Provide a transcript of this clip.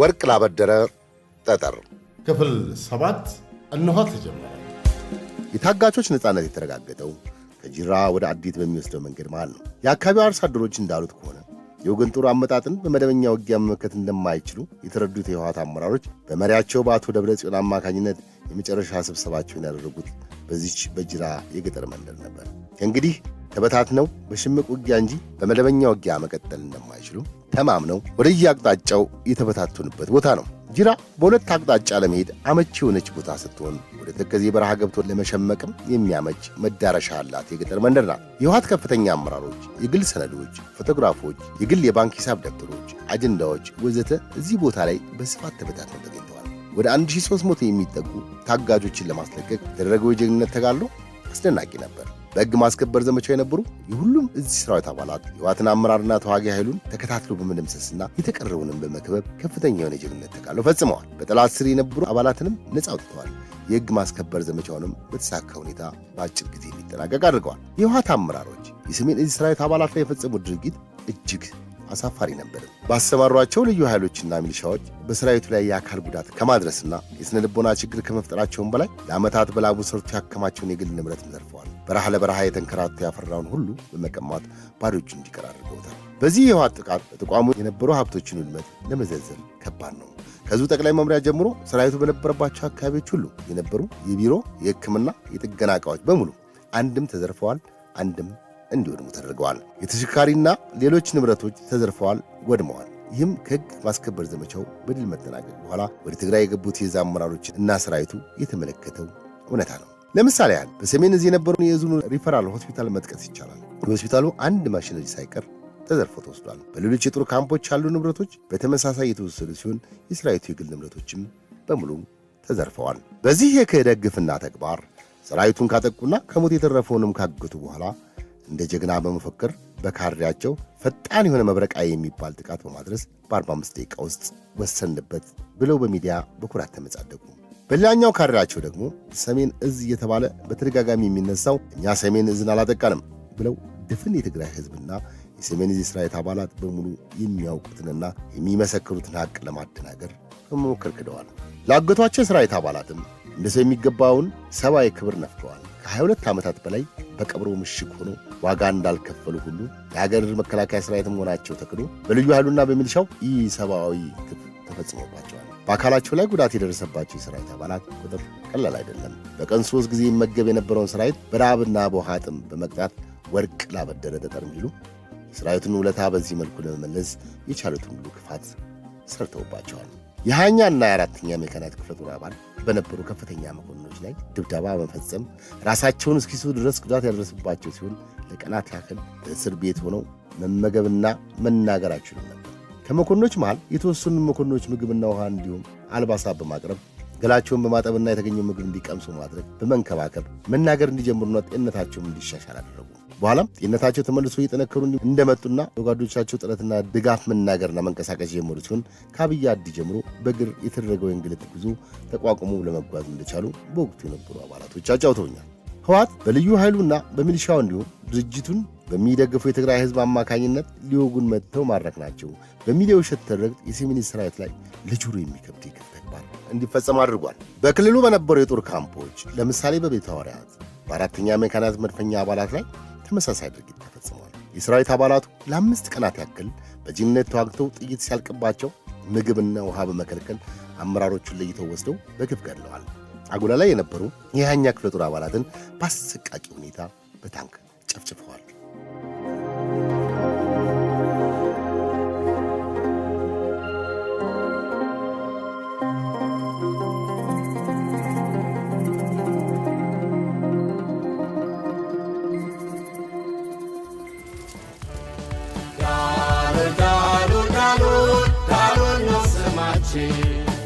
ወርቅ ላበደረ ጠጠር ክፍል ሰባት እነሆ ተጀመረ። የታጋቾች ነፃነት የተረጋገጠው ከጅራ ወደ አዴት በሚወስደው መንገድ መሃል ነው። የአካባቢው አርሶ አደሮች እንዳሉት ከሆነ የወገን ጦሩ አመጣጥን በመደበኛ ውጊያ መመከት እንደማይችሉ የተረዱት የህወሓት አመራሮች በመሪያቸው በአቶ ደብረ ጽዮን አማካኝነት የመጨረሻ ስብሰባቸውን ያደረጉት በዚች በጅራ የገጠር መንደር ነበር። ከእንግዲህ ተበታትነው በሽምቅ ውጊያ እንጂ በመደበኛ ውጊያ መቀጠል እንደማይችሉ ተማምነው ወደየአቅጣጫው የተበታቱንበት ቦታ ነው። ጅራ በሁለት አቅጣጫ ለመሄድ አመቺ የሆነች ቦታ ስትሆን ወደ ተከዜ በረሃ ገብቶ ለመሸመቅም የሚያመች መዳረሻ አላት። የገጠር መንደር ናት። የህወሓት ከፍተኛ አመራሮች፣ የግል ሰነዶች፣ ፎቶግራፎች፣ የግል የባንክ ሂሳብ ደብተሮች፣ አጀንዳዎች ወዘተ እዚህ ቦታ ላይ በስፋት ተበታትነው ተገኝተዋል። ወደ 1300 የሚጠጉ ታጋጆችን ለማስለቀቅ የተደረገው የጀግንነት ተጋድሎ አስደናቂ ነበር። በሕግ ማስከበር ዘመቻው የነበሩ የሁሉም እዚህ ሰራዊት አባላት የዋትን አመራርና ተዋጊ ኃይሉን ተከታትሎ በመደምሰስና የተቀረውንም በመክበብ ከፍተኛ የሆነ ጀግንነት ተጋድሎ ፈጽመዋል። በጠላት ስር የነበሩ አባላትንም ነጻ አውጥተዋል። የሕግ ማስከበር ዘመቻውንም በተሳካ ሁኔታ በአጭር ጊዜ እንዲጠናቀቅ አድርገዋል። የህወሓት አመራሮች የሰሜን እዝ ሰራዊት አባላት ላይ የፈጸሙት ድርጊት እጅግ አሳፋሪ ነበርም። ባሰማሯቸው ልዩ ኃይሎችና ሚሊሻዎች በሰራዊቱ ላይ የአካል ጉዳት ከማድረስና የሥነ ልቦና ችግር ከመፍጠራቸውም በላይ ለዓመታት በላቡ ሰርቶ ያከማቸውን የግል ንብረትም ዘርፈዋል። በረሃ ለበረሃ የተንከራቶ ያፈራውን ሁሉ በመቀማት ባዶ እጁ እንዲቀር አድርገውታል። በዚህ የህወሓት ጥቃት በተቋሙ የነበሩ ሀብቶችን ውድመት ለመዘርዘር ከባድ ነው። ከዚሁ ጠቅላይ መምሪያ ጀምሮ ሰራዊቱ በነበረባቸው አካባቢዎች ሁሉ የነበሩ የቢሮ፣ የሕክምና፣ የጥገና እቃዎች በሙሉ አንድም ተዘርፈዋል፣ አንድም እንዲወድሙ ተደርገዋል። የተሽከርካሪና ሌሎች ንብረቶች ተዘርፈዋል፣ ወድመዋል። ይህም ከህግ ማስከበር ዘመቻው በድል መጠናቀቅ በኋላ ወደ ትግራይ የገቡት የዛ አመራሮች እና ሰራዊቱ የተመለከተው እውነታ ነው። ለምሳሌ ያህል በሰሜን እዚህ የነበረውን የእዙን ሪፈራል ሆስፒታል መጥቀስ ይቻላል። የሆስፒታሉ አንድ ማሽነሪ ሳይቀር ተዘርፎ ተወስዷል። በሌሎች የጦር ካምፖች ያሉ ንብረቶች በተመሳሳይ የተወሰዱ ሲሆን የሰራዊቱ የግል ንብረቶችም በሙሉ ተዘርፈዋል። በዚህ የክህደት ግፍና ተግባር ሰራዊቱን ካጠቁና ከሞት የተረፈውንም ካገቱ በኋላ እንደ ጀግና በመፈክር በካሬያቸው ፈጣን የሆነ መብረቃ የሚባል ጥቃት በማድረስ በ45 ደቂቃ ውስጥ ወሰንበት ብለው በሚዲያ በኩራት ተመጻደቁ። በሌላኛው ካሬያቸው ደግሞ ሰሜን እዝ እየተባለ በተደጋጋሚ የሚነሳው እኛ ሰሜን እዝን አላጠቃንም ብለው ድፍን የትግራይ ህዝብና የሰሜን እዝ የሰራዊት አባላት በሙሉ የሚያውቁትንና የሚመሰክሩትን ሀቅ ለማደናገር በመሞከር ክደዋል። ላገቷቸው የሰራዊት አባላትም እንደ ሰው የሚገባውን ሰብአዊ ክብር ነፍገዋል። ከ22 ዓመታት በላይ በቀብሮ ምሽግ ሆኖ ዋጋ እንዳልከፈሉ ሁሉ የሀገር መከላከያ ሰራዊትም መሆናቸው ተክዶ በልዩ ኃይሉና በሚልሻው ሰብአዊ ግፍ ተፈጽሞባቸዋል። በአካላቸው ላይ ጉዳት የደረሰባቸው የሰራዊት አባላት ቁጥር ቀላል አይደለም። በቀን ሶስት ጊዜ ይመገብ የነበረውን ሰራዊት በረሃብና በውሃ ጥም በመቅጣት ወርቅ ላበደረ ጠጠር እንዲሉ የሰራዊቱን ውለታ በዚህ መልኩ ለመመለስ የቻሉትን ሁሉ ክፋት ሰርተውባቸዋል። የሃያኛና የአራተኛ ሜካናይዝድ ክፍለ ጦር አባል በነበሩ ከፍተኛ መኮንኖች ላይ ድብደባ በመፈጸም ራሳቸውን እስኪስቱ ድረስ ጉዳት ያደረሰባቸው ሲሆን ለቀናት ያክል በእስር ቤት ሆነው መመገብና መናገር አይችሉም ነበር። ከመኮንኖች መሃል የተወሰኑ መኮንኖች ምግብና ውሃ እንዲሁም አልባሳት በማቅረብ ገላቸውን በማጠብና የተገኘው ምግብ እንዲቀምሱ ማድረግ በመንከባከብ መናገር እንዲጀምሩና ጤንነታቸውም እንዲሻሻል አደረጉ። በኋላ ጤንነታቸው ተመልሶ እየጠነከሩ እንደመጡና ወጋዶቻቸው ጥረትና ድጋፍ መናገርና መንቀሳቀስ የጀመሩ ሲሆን ከአብይ አዲ ጀምሮ በእግር የተደረገው የእንግልት ጉዞ ተቋቁሞ ለመጓዝ እንደቻሉ በወቅቱ የነበሩ አባላቶች አጫውተውኛል። ህወሓት በልዩ ኃይሉና በሚሊሻው እንዲሁም ድርጅቱን በሚደግፉ የትግራይ ህዝብ አማካኝነት ሊወጉን መጥተው ማድረግ ናቸው በሚል የውሸት ትርክት የሰሜን ሰራዊት ላይ ለጆሮ የሚከብድ የግፍ ተግባር እንዲፈጸም አድርጓል። በክልሉ በነበሩ የጦር ካምፖች ለምሳሌ በቤተ ሐዋርያት በአራተኛ ሜካናይዝድ መድፈኛ አባላት ላይ ተመሳሳይ ድርጊት ተፈጽመዋል። የሰራዊት አባላቱ ለአምስት ቀናት ያክል በጅምነት ተዋግተው ጥይት ሲያልቅባቸው ምግብና ውሃ በመከልከል አመራሮቹን ለይተው ወስደው በግፍ ገድለዋል። አጉላ ላይ የነበሩ የሃያኛ ክፍለ ጦር አባላትን በአሰቃቂ ሁኔታ በታንክ ጨፍጭፈዋል። watching.